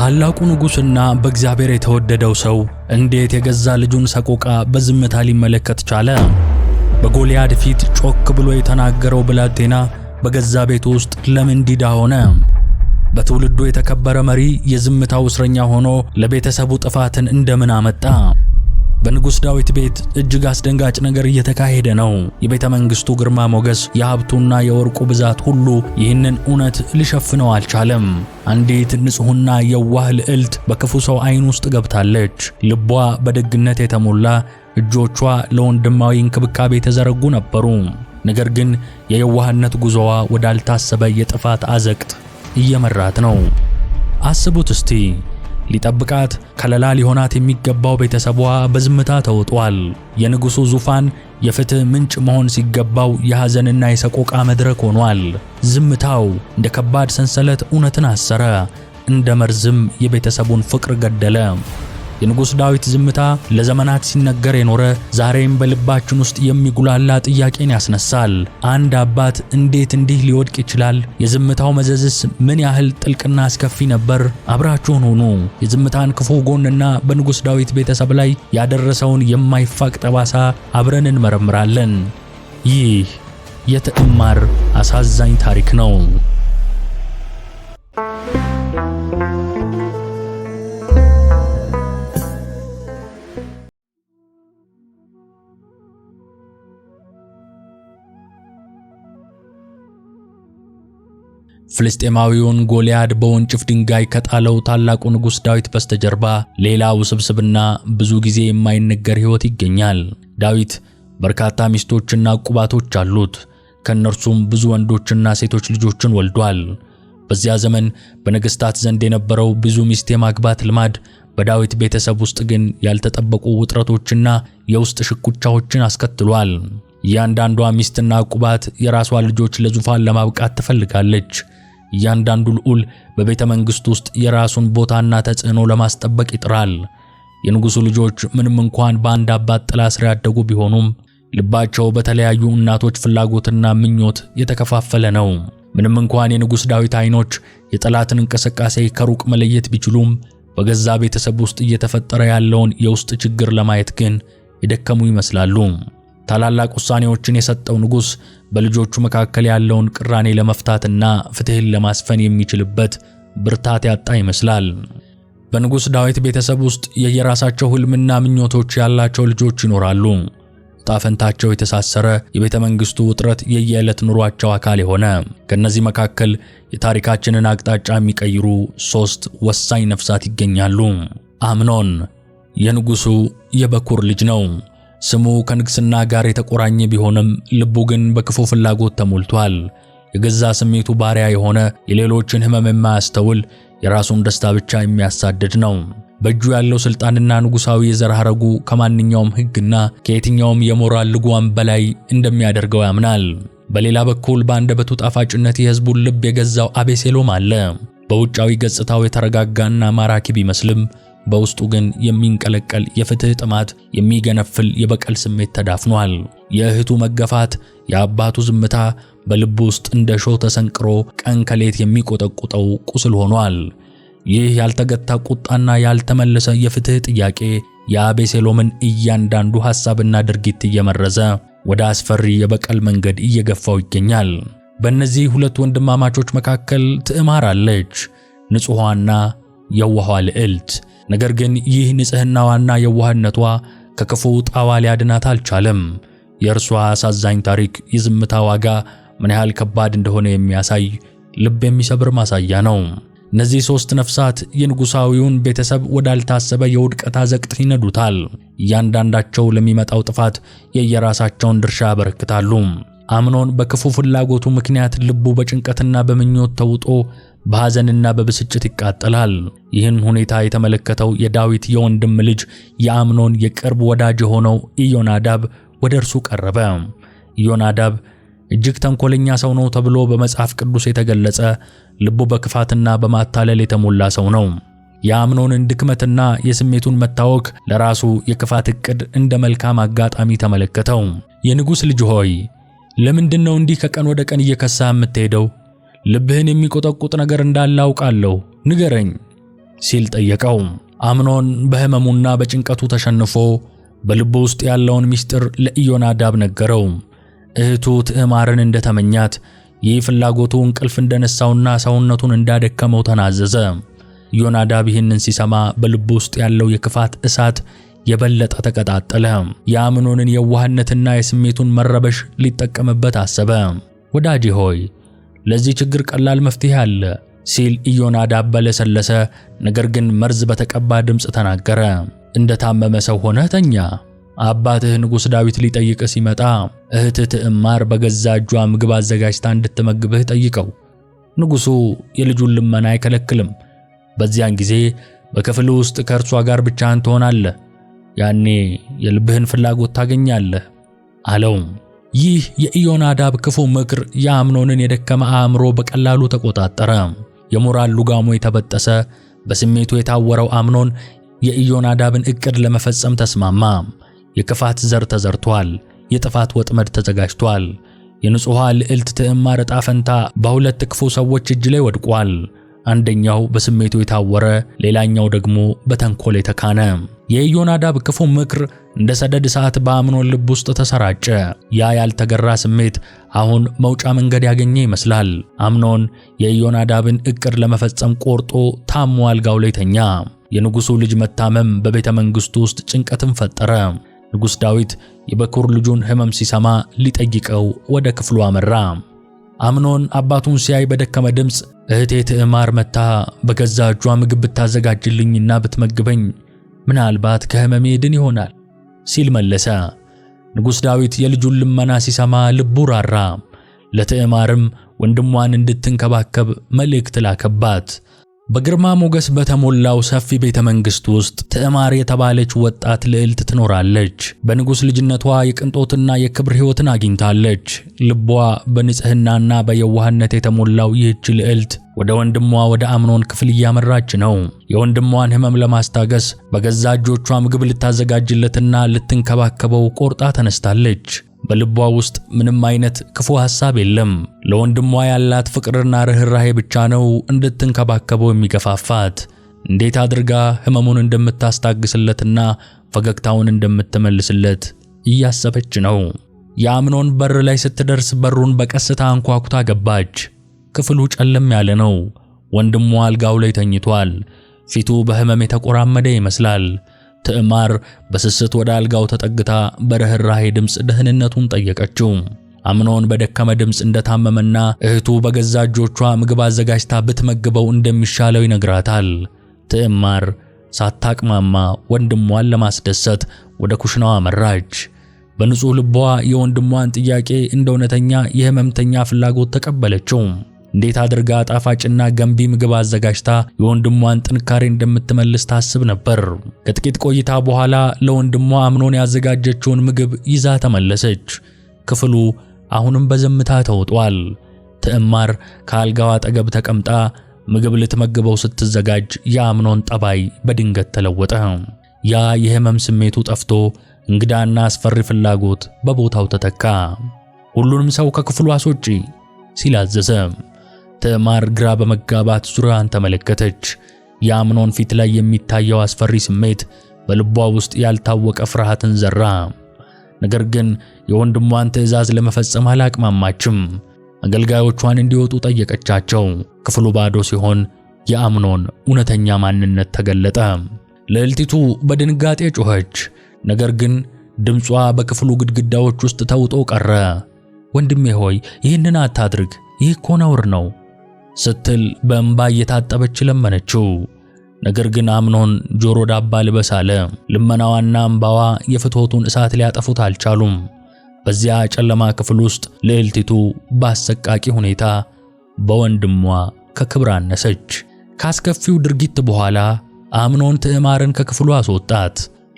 ታላቁ ንጉሥና በእግዚአብሔር የተወደደው ሰው እንዴት የገዛ ልጁን ሰቆቃ በዝምታ ሊመለከት ቻለ? በጎልያድ ፊት ጮክ ብሎ የተናገረው ብላቴና በገዛ ቤቱ ውስጥ ለምን ዲዳ ሆነ? በትውልዱ የተከበረ መሪ የዝምታው እስረኛ ሆኖ ለቤተሰቡ ጥፋትን እንደምን አመጣ? በንጉሥ ዳዊት ቤት እጅግ አስደንጋጭ ነገር እየተካሄደ ነው። የቤተ መንግሥቱ ግርማ ሞገስ፣ የሀብቱና የወርቁ ብዛት ሁሉ ይህንን እውነት ሊሸፍነው አልቻለም። አንዲት ንጹሕና የዋህ ልዕልት በክፉ ሰው አይን ውስጥ ገብታለች። ልቧ በደግነት የተሞላ እጆቿ ለወንድማዊ እንክብካቤ የተዘረጉ ነበሩ። ነገር ግን የየዋህነት ጉዞዋ ወዳልታሰበ የጥፋት አዘቅት እየመራት ነው። አስቡት እስቲ ሊጠብቃት ከለላ ሊሆናት የሚገባው ቤተሰቧ በዝምታ ተውጧል። የንጉሡ ዙፋን የፍትህ ምንጭ መሆን ሲገባው የሐዘንና የሰቆቃ መድረክ ሆኗል። ዝምታው እንደ ከባድ ሰንሰለት እውነትን አሰረ፣ እንደ መርዝም የቤተሰቡን ፍቅር ገደለ። የንጉሥ ዳዊት ዝምታ ለዘመናት ሲነገር የኖረ ዛሬም በልባችን ውስጥ የሚጉላላ ጥያቄን ያስነሳል። አንድ አባት እንዴት እንዲህ ሊወድቅ ይችላል? የዝምታው መዘዝስ ምን ያህል ጥልቅና አስከፊ ነበር? አብራችሁን ሁኑ። የዝምታን ክፉ ጎንና በንጉሥ ዳዊት ቤተሰብ ላይ ያደረሰውን የማይፋቅ ጠባሳ አብረን እንመረምራለን። ይህ የትዕማር አሳዛኝ ታሪክ ነው። ፍልስጤማዊውን ጎልያድ በወንጭፍ ድንጋይ ከጣለው ታላቁ ንጉሥ ዳዊት በስተጀርባ ሌላ ውስብስብና ብዙ ጊዜ የማይነገር ሕይወት ይገኛል። ዳዊት በርካታ ሚስቶችና ቁባቶች አሉት። ከእነርሱም ብዙ ወንዶችና ሴቶች ልጆችን ወልዷል። በዚያ ዘመን በነገሥታት ዘንድ የነበረው ብዙ ሚስት የማግባት ልማድ በዳዊት ቤተሰብ ውስጥ ግን ያልተጠበቁ ውጥረቶችና የውስጥ ሽኩቻዎችን አስከትሏል። እያንዳንዷ ሚስትና ቁባት የራሷ ልጆች ለዙፋን ለማብቃት ትፈልጋለች። እያንዳንዱ ልዑል በቤተ መንግሥት ውስጥ የራሱን ቦታና ተጽዕኖ ለማስጠበቅ ይጥራል። የንጉሡ ልጆች ምንም እንኳን በአንድ አባት ጥላ ስር ያደጉ ቢሆኑም ልባቸው በተለያዩ እናቶች ፍላጎትና ምኞት የተከፋፈለ ነው። ምንም እንኳን የንጉሥ ዳዊት ዐይኖች የጠላትን እንቅስቃሴ ከሩቅ መለየት ቢችሉም በገዛ ቤተሰብ ውስጥ እየተፈጠረ ያለውን የውስጥ ችግር ለማየት ግን የደከሙ ይመስላሉ። ታላላቅ ውሳኔዎችን የሰጠው ንጉሥ በልጆቹ መካከል ያለውን ቅራኔ ለመፍታትና ፍትህን ለማስፈን የሚችልበት ብርታት ያጣ ይመስላል። በንጉሥ ዳዊት ቤተሰብ ውስጥ የየራሳቸው ህልምና ምኞቶች ያላቸው ልጆች ይኖራሉ። ጣፈንታቸው የተሳሰረ የቤተ መንግሥቱ ውጥረት የየዕለት ኑሯቸው አካል የሆነ ከእነዚህ መካከል የታሪካችንን አቅጣጫ የሚቀይሩ ሦስት ወሳኝ ነፍሳት ይገኛሉ። አምኖን የንጉሡ የበኩር ልጅ ነው። ስሙ ከንግስና ጋር የተቆራኘ ቢሆንም ልቡ ግን በክፉ ፍላጎት ተሞልቷል። የገዛ ስሜቱ ባሪያ የሆነ የሌሎችን ሕመም የማያስተውል የራሱን ደስታ ብቻ የሚያሳድድ ነው። በእጁ ያለው ስልጣንና ንጉሣዊ የዘር ሐረጉ ከማንኛውም ህግና ከየትኛውም የሞራል ልጓም በላይ እንደሚያደርገው ያምናል። በሌላ በኩል በአንደበቱ ጣፋጭነት የህዝቡን ልብ የገዛው አቤሴሎም አለ። በውጫዊ ገጽታው የተረጋጋና ማራኪ ቢመስልም በውስጡ ግን የሚንቀለቀል የፍትህ ጥማት፣ የሚገነፍል የበቀል ስሜት ተዳፍኗል። የእህቱ መገፋት፣ የአባቱ ዝምታ በልብ ውስጥ እንደ ሾህ ተሰንቅሮ ቀን ከሌት የሚቆጠቁጠው ቁስል ሆኗል። ይህ ያልተገታ ቁጣና ያልተመለሰ የፍትህ ጥያቄ የአቤሴሎምን እያንዳንዱ ሐሳብና ድርጊት እየመረዘ ወደ አስፈሪ የበቀል መንገድ እየገፋው ይገኛል። በእነዚህ ሁለት ወንድማማቾች መካከል ትዕማር አለች፣ ንጹሕዋና የዋኋ ልዕልት። ነገር ግን ይህ ንጽሕናዋና የዋህነቷ ከክፉ ጣዋ ሊያድናት አልቻለም። የእርሷ አሳዛኝ ታሪክ የዝምታ ዋጋ ምን ያህል ከባድ እንደሆነ የሚያሳይ ልብ የሚሰብር ማሳያ ነው። እነዚህ ሦስት ነፍሳት የንጉሣዊውን ቤተሰብ ወዳልታሰበ የውድቀት አዘቅት ይነዱታል። እያንዳንዳቸው ለሚመጣው ጥፋት የየራሳቸውን ድርሻ ያበረክታሉ። አምኖን በክፉ ፍላጎቱ ምክንያት ልቡ በጭንቀትና በምኞት ተውጦ በሐዘንና በብስጭት ይቃጠላል። ይህን ሁኔታ የተመለከተው የዳዊት የወንድም ልጅ የአምኖን የቅርብ ወዳጅ የሆነው ኢዮናዳብ ወደ እርሱ ቀረበ። ኢዮናዳብ እጅግ ተንኮለኛ ሰው ነው ተብሎ በመጽሐፍ ቅዱስ የተገለጸ ልቡ በክፋትና በማታለል የተሞላ ሰው ነው። የአምኖንን ድክመትና የስሜቱን መታወክ ለራሱ የክፋት ዕቅድ እንደ መልካም አጋጣሚ ተመለከተው። የንጉሥ ልጅ ሆይ ለምንድን ነው እንዲህ ከቀን ወደ ቀን እየከሳህ የምትሄደው? ልብህን የሚቆጠቁጥ ነገር እንዳለ አውቃለሁ፣ ንገረኝ ሲል ጠየቀው። አምኖን በሕመሙና በጭንቀቱ ተሸንፎ በልቡ ውስጥ ያለውን ምስጢር ለኢዮናዳብ ነገረው። እህቱ ትዕማርን እንደተመኛት ይህ ፍላጎቱ እንቅልፍ እንደነሳውና ሰውነቱን እንዳደከመው ተናዘዘ። ዮናዳብ ይህንን ሲሰማ በልቡ ውስጥ ያለው የክፋት እሳት የበለጠ ተቀጣጠለ። የአምኖንን የዋህነትና የስሜቱን መረበሽ ሊጠቀምበት አሰበ። ወዳጄ ሆይ ለዚህ ችግር ቀላል መፍትሄ አለ ሲል ኢዮናዳብ በለሰለሰ፣ ነገር ግን መርዝ በተቀባ ድምፅ ተናገረ። እንደ ታመመ ሰው ሆነህ ተኛ። አባትህ ንጉሥ ዳዊት ሊጠይቅ ሲመጣ እህትህ ትዕማር በገዛ እጇ ምግብ አዘጋጅታ እንድትመግብህ ጠይቀው። ንጉሡ የልጁን ልመና አይከለክልም። በዚያን ጊዜ በክፍል ውስጥ ከእርሷ ጋር ብቻህን ትሆናለህ። ያኔ የልብህን ፍላጎት ታገኛለህ አለው። ይህ የኢዮናዳብ ክፉ ምክር የአምኖንን የደከመ አእምሮ በቀላሉ ተቆጣጠረ። የሞራል ሉጋሞ የተበጠሰ በስሜቱ የታወረው አምኖን የኢዮናዳብን እቅድ ለመፈጸም ተስማማ። የክፋት ዘር ተዘርቷል። የጥፋት ወጥመድ ተዘጋጅቷል። የንጹሐ ልዕልት ትዕማር ዕጣ ፈንታ በሁለት ክፉ ሰዎች እጅ ላይ ወድቋል። አንደኛው በስሜቱ የታወረ፣ ሌላኛው ደግሞ በተንኮል የተካነ። የኢዮናዳብ ክፉ ምክር እንደ ሰደድ እሳት በአምኖን ልብ ውስጥ ተሰራጨ። ያ ያልተገራ ስሜት አሁን መውጫ መንገድ ያገኘ ይመስላል። አምኖን የኢዮናዳብን እቅድ ለመፈጸም ቆርጦ ታሞ አልጋው ላይ ተኛ። የንጉሡ ልጅ መታመም በቤተ መንግሥቱ ውስጥ ጭንቀትን ፈጠረ። ንጉሥ ዳዊት የበኩር ልጁን ሕመም ሲሰማ ሊጠይቀው ወደ ክፍሉ አመራ። አምኖን አባቱን ሲያይ በደከመ ድምፅ እህቴ ትዕማር መታ በገዛ እጇ ምግብ ብታዘጋጅልኝና ብትመግበኝ ምናልባት ከህመሜ ድን ይሆናል ሲል መለሰ። ንጉሥ ዳዊት የልጁን ልመና ሲሰማ ልቡ ራራ። ለትዕማርም ወንድሟን እንድትንከባከብ መልእክት ላከባት። በግርማ ሞገስ በተሞላው ሰፊ ቤተ መንግሥት ውስጥ ትዕማር የተባለች ወጣት ልዕልት ትኖራለች። በንጉሥ ልጅነቷ የቅንጦትና የክብር ሕይወትን አግኝታለች። ልቧ በንጽሕናና በየዋህነት የተሞላው ይህች ልዕልት ወደ ወንድሟ ወደ አምኖን ክፍል እያመራች ነው። የወንድሟን ሕመም ለማስታገስ በገዛ እጆቿ ምግብ ልታዘጋጅለትና ልትንከባከበው ቆርጣ ተነስታለች። በልቧ ውስጥ ምንም አይነት ክፉ ሐሳብ የለም። ለወንድሟ ያላት ፍቅርና ርኅራኄ ብቻ ነው እንድትንከባከበው የሚገፋፋት። እንዴት አድርጋ ሕመሙን እንደምታስታግስለትና ፈገግታውን እንደምትመልስለት እያሰበች ነው። የአምኖን በር ላይ ስትደርስ በሩን በቀስታ አንኳኩታ ገባች። ክፍሉ ጨለም ያለ ነው። ወንድሟ አልጋው ላይ ተኝቷል። ፊቱ በሕመም የተቆራመደ ይመስላል። ትዕማር በስስት ወደ አልጋው ተጠግታ በርህራሄ ድምፅ ደህንነቱን ጠየቀችው። አምኖን በደከመ ድምፅ እንደታመመና እህቱ በገዛ እጆቿ ምግብ አዘጋጅታ ብትመግበው እንደሚሻለው ይነግራታል። ትዕማር ሳታቅማማ ወንድሟን ለማስደሰት ወደ ኩሽናዋ መራች! በንጹሕ ልቧ የወንድሟን ጥያቄ እንደ እውነተኛ ፍላጎት ተቀበለችው። እንዴት አድርጋ ጣፋጭና ገንቢ ምግብ አዘጋጅታ የወንድሟን ጥንካሬ እንደምትመልስ ታስብ ነበር። ከጥቂት ቆይታ በኋላ ለወንድሟ አምኖን ያዘጋጀችውን ምግብ ይዛ ተመለሰች። ክፍሉ አሁንም በዝምታ ተውጧል። ትዕማር ከአልጋዋ አጠገብ ተቀምጣ ምግብ ልትመግበው ስትዘጋጅ የአምኖን ጠባይ በድንገት ተለወጠ። ያ የህመም ስሜቱ ጠፍቶ እንግዳና አስፈሪ ፍላጎት በቦታው ተተካ። ሁሉንም ሰው ከክፍሉ አስወጪ ሲል ትዕማር ግራ በመጋባት ዙሪያዋን ተመለከተች። የአምኖን ፊት ላይ የሚታየው አስፈሪ ስሜት በልቧ ውስጥ ያልታወቀ ፍርሃትን ዘራ። ነገር ግን የወንድሟን ትዕዛዝ ለመፈጸም አላቅማማችም። አገልጋዮቿን እንዲወጡ ጠየቀቻቸው። ክፍሉ ባዶ ሲሆን የአምኖን እውነተኛ ማንነት ተገለጠ። ልዕልቲቱ በድንጋጤ ጮኸች። ነገር ግን ድምጿ በክፍሉ ግድግዳዎች ውስጥ ተውጦ ቀረ። ወንድሜ ሆይ ይህንን አታድርግ፣ ይህ እኮ ነውር ነው ስትል በእንባ እየታጠበች ለመነችው። ነገር ግን አምኖን ጆሮ ዳባ ልበስ አለ። ልመናዋና እንባዋ የፍትወቱን እሳት ሊያጠፉት አልቻሉም። በዚያ ጨለማ ክፍል ውስጥ ልዕልቲቱ በአሰቃቂ ሁኔታ በወንድሟ ከክብር አነሰች። ካስከፊው ድርጊት በኋላ አምኖን ትዕማርን ከክፍሉ አስወጣት።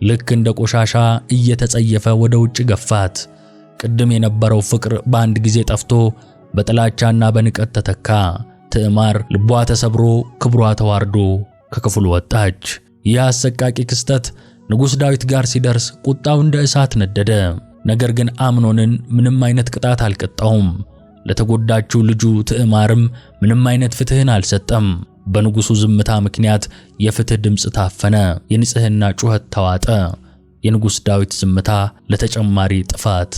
ልክ እንደ ቆሻሻ እየተጸየፈ ወደ ውጭ ገፋት። ቅድም የነበረው ፍቅር በአንድ ጊዜ ጠፍቶ በጥላቻና በንቀት ተተካ። ትዕማር ልቧ ተሰብሮ ክብሯ ተዋርዶ ከክፍሉ ወጣች። ይህ አሰቃቂ ክስተት ንጉሥ ዳዊት ጋር ሲደርስ ቁጣው እንደ እሳት ነደደ። ነገር ግን አምኖንን ምንም አይነት ቅጣት አልቀጣውም። ለተጎዳችው ልጁ ትዕማርም ምንም አይነት ፍትህን አልሰጠም። በንጉሡ ዝምታ ምክንያት የፍትህ ድምፅ ታፈነ፣ የንጽህና ጩኸት ተዋጠ። የንጉሥ ዳዊት ዝምታ ለተጨማሪ ጥፋት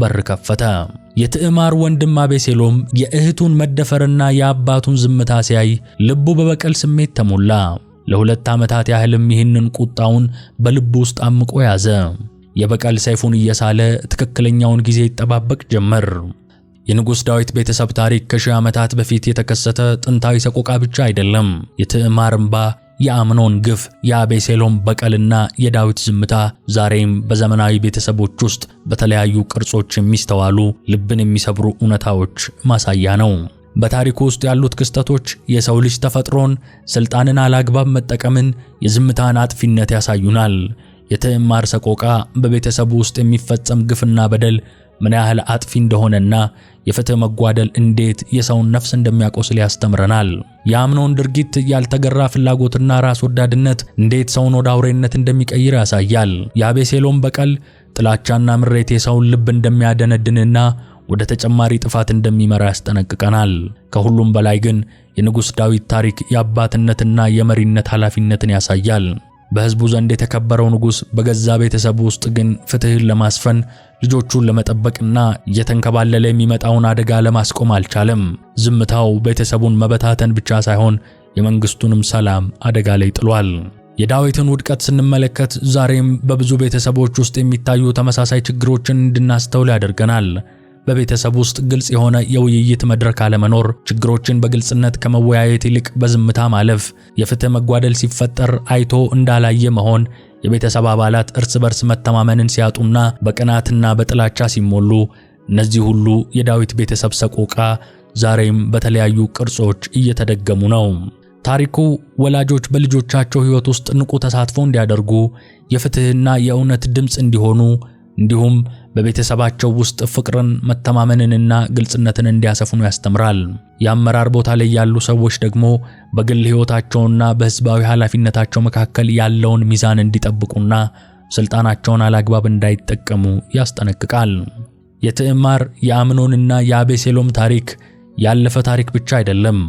በር ከፈተ። የትዕማር ወንድም አቤሴሎም የእህቱን መደፈርና የአባቱን ዝምታ ሲያይ ልቡ በበቀል ስሜት ተሞላ። ለሁለት ዓመታት ያህልም ይህንን ቁጣውን በልቡ ውስጥ አምቆ ያዘ። የበቀል ሰይፉን እየሳለ ትክክለኛውን ጊዜ ይጠባበቅ ጀመር። የንጉሥ ዳዊት ቤተሰብ ታሪክ ከሺህ ዓመታት በፊት የተከሰተ ጥንታዊ ሰቆቃ ብቻ አይደለም። የትዕማር እምባ የአምኖን ግፍ፣ የአቤሴሎም በቀልና የዳዊት ዝምታ ዛሬም በዘመናዊ ቤተሰቦች ውስጥ በተለያዩ ቅርጾች የሚስተዋሉ ልብን የሚሰብሩ እውነታዎች ማሳያ ነው። በታሪኩ ውስጥ ያሉት ክስተቶች የሰው ልጅ ተፈጥሮን፣ ስልጣንን አላግባብ መጠቀምን፣ የዝምታን አጥፊነት ያሳዩናል። የትዕማር ሰቆቃ፣ በቤተሰቡ ውስጥ የሚፈጸም ግፍና በደል ምን ያህል አጥፊ እንደሆነና የፍትህ መጓደል እንዴት የሰውን ነፍስ እንደሚያቆስል ያስተምረናል። የአምኖን ድርጊት ያልተገራ ፍላጎትና ራስ ወዳድነት እንዴት ሰውን ወደ አውሬነት እንደሚቀይር ያሳያል። የአቤሴሎም በቀል፣ ጥላቻና ምሬት የሰውን ልብ እንደሚያደነድንና ወደ ተጨማሪ ጥፋት እንደሚመራ ያስጠነቅቀናል። ከሁሉም በላይ ግን የንጉሥ ዳዊት ታሪክ የአባትነትና የመሪነት ኃላፊነትን ያሳያል። በህዝቡ ዘንድ የተከበረው ንጉሥ በገዛ ቤተሰቡ ውስጥ ግን ፍትህን ለማስፈን ልጆቹን ለመጠበቅና እየተንከባለለ የሚመጣውን አደጋ ለማስቆም አልቻለም። ዝምታው ቤተሰቡን መበታተን ብቻ ሳይሆን የመንግስቱንም ሰላም አደጋ ላይ ጥሏል። የዳዊትን ውድቀት ስንመለከት ዛሬም በብዙ ቤተሰቦች ውስጥ የሚታዩ ተመሳሳይ ችግሮችን እንድናስተውል ያደርገናል። በቤተሰብ ውስጥ ግልጽ የሆነ የውይይት መድረክ አለመኖር፣ ችግሮችን በግልጽነት ከመወያየት ይልቅ በዝምታ ማለፍ፣ የፍትህ መጓደል ሲፈጠር አይቶ እንዳላየ መሆን፣ የቤተሰብ አባላት እርስ በርስ መተማመንን ሲያጡና በቅናትና በጥላቻ ሲሞሉ፣ እነዚህ ሁሉ የዳዊት ቤተሰብ ሰቆቃ ዛሬም በተለያዩ ቅርጾች እየተደገሙ ነው። ታሪኩ ወላጆች በልጆቻቸው ሕይወት ውስጥ ንቁ ተሳትፎ እንዲያደርጉ፣ የፍትህና የእውነት ድምፅ እንዲሆኑ እንዲሁም በቤተሰባቸው ውስጥ ፍቅርን፣ መተማመንንና ግልጽነትን እንዲያሰፍኑ ያስተምራል። የአመራር ቦታ ላይ ያሉ ሰዎች ደግሞ በግል ሕይወታቸውና በሕዝባዊ ኃላፊነታቸው መካከል ያለውን ሚዛን እንዲጠብቁና ስልጣናቸውን አላግባብ እንዳይጠቀሙ ያስጠነቅቃል። የትዕማር የአምኖንና የአቤሴሎም ታሪክ ያለፈ ታሪክ ብቻ አይደለም፤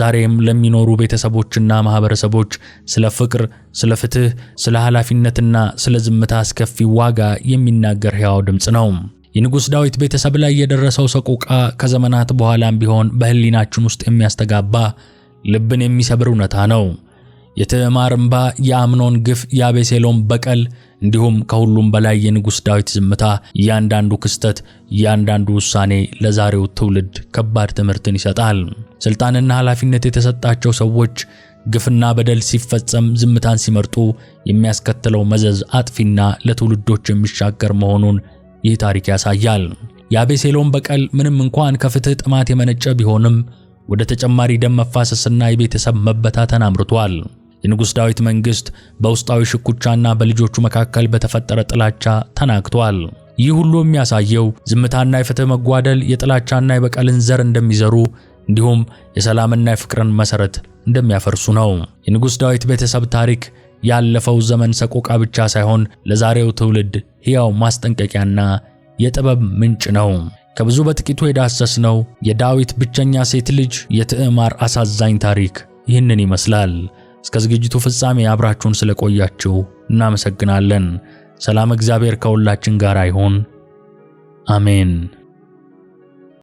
ዛሬም ለሚኖሩ ቤተሰቦችና ማህበረሰቦች ስለ ፍቅር፣ ስለ ፍትህ፣ ስለ ኃላፊነትና ስለ ዝምታ አስከፊ ዋጋ የሚናገር ሕያው ድምፅ ነው። የንጉሥ ዳዊት ቤተሰብ ላይ የደረሰው ሰቆቃ ከዘመናት በኋላም ቢሆን በሕሊናችን ውስጥ የሚያስተጋባ ልብን የሚሰብር እውነታ ነው። የትዕማር እምባ፣ የአምኖን ግፍ፣ የአቤሴሎም በቀል እንዲሁም ከሁሉም በላይ የንጉሥ ዳዊት ዝምታ፣ እያንዳንዱ ክስተት፣ እያንዳንዱ ውሳኔ ለዛሬው ትውልድ ከባድ ትምህርትን ይሰጣል። ሥልጣንና ኃላፊነት የተሰጣቸው ሰዎች ግፍና በደል ሲፈጸም ዝምታን ሲመርጡ የሚያስከትለው መዘዝ አጥፊና ለትውልዶች የሚሻገር መሆኑን ይህ ታሪክ ያሳያል። የአቤሴሎም በቀል ምንም እንኳን ከፍትህ ጥማት የመነጨ ቢሆንም ወደ ተጨማሪ ደም መፋሰስና የቤተሰብ መበታተን አምርቷል። የንጉሥ ዳዊት መንግሥት በውስጣዊ ሽኩቻና በልጆቹ መካከል በተፈጠረ ጥላቻ ተናግቷል። ይህ ሁሉ የሚያሳየው ዝምታና የፍትህ መጓደል የጥላቻና የበቀልን ዘር እንደሚዘሩ እንዲሁም የሰላምና የፍቅርን መሠረት እንደሚያፈርሱ ነው። የንጉሥ ዳዊት ቤተሰብ ታሪክ ያለፈው ዘመን ሰቆቃ ብቻ ሳይሆን ለዛሬው ትውልድ ሕያው ማስጠንቀቂያና የጥበብ ምንጭ ነው። ከብዙ በጥቂቱ የዳሰስነው የዳዊት ብቸኛ ሴት ልጅ የትዕማር አሳዛኝ ታሪክ ይህንን ይመስላል። እስከ ዝግጅቱ ፍጻሜ አብራችሁን ስለቆያችሁ እናመሰግናለን። ሰላም፣ እግዚአብሔር ከሁላችን ጋር ይሁን። አሜን።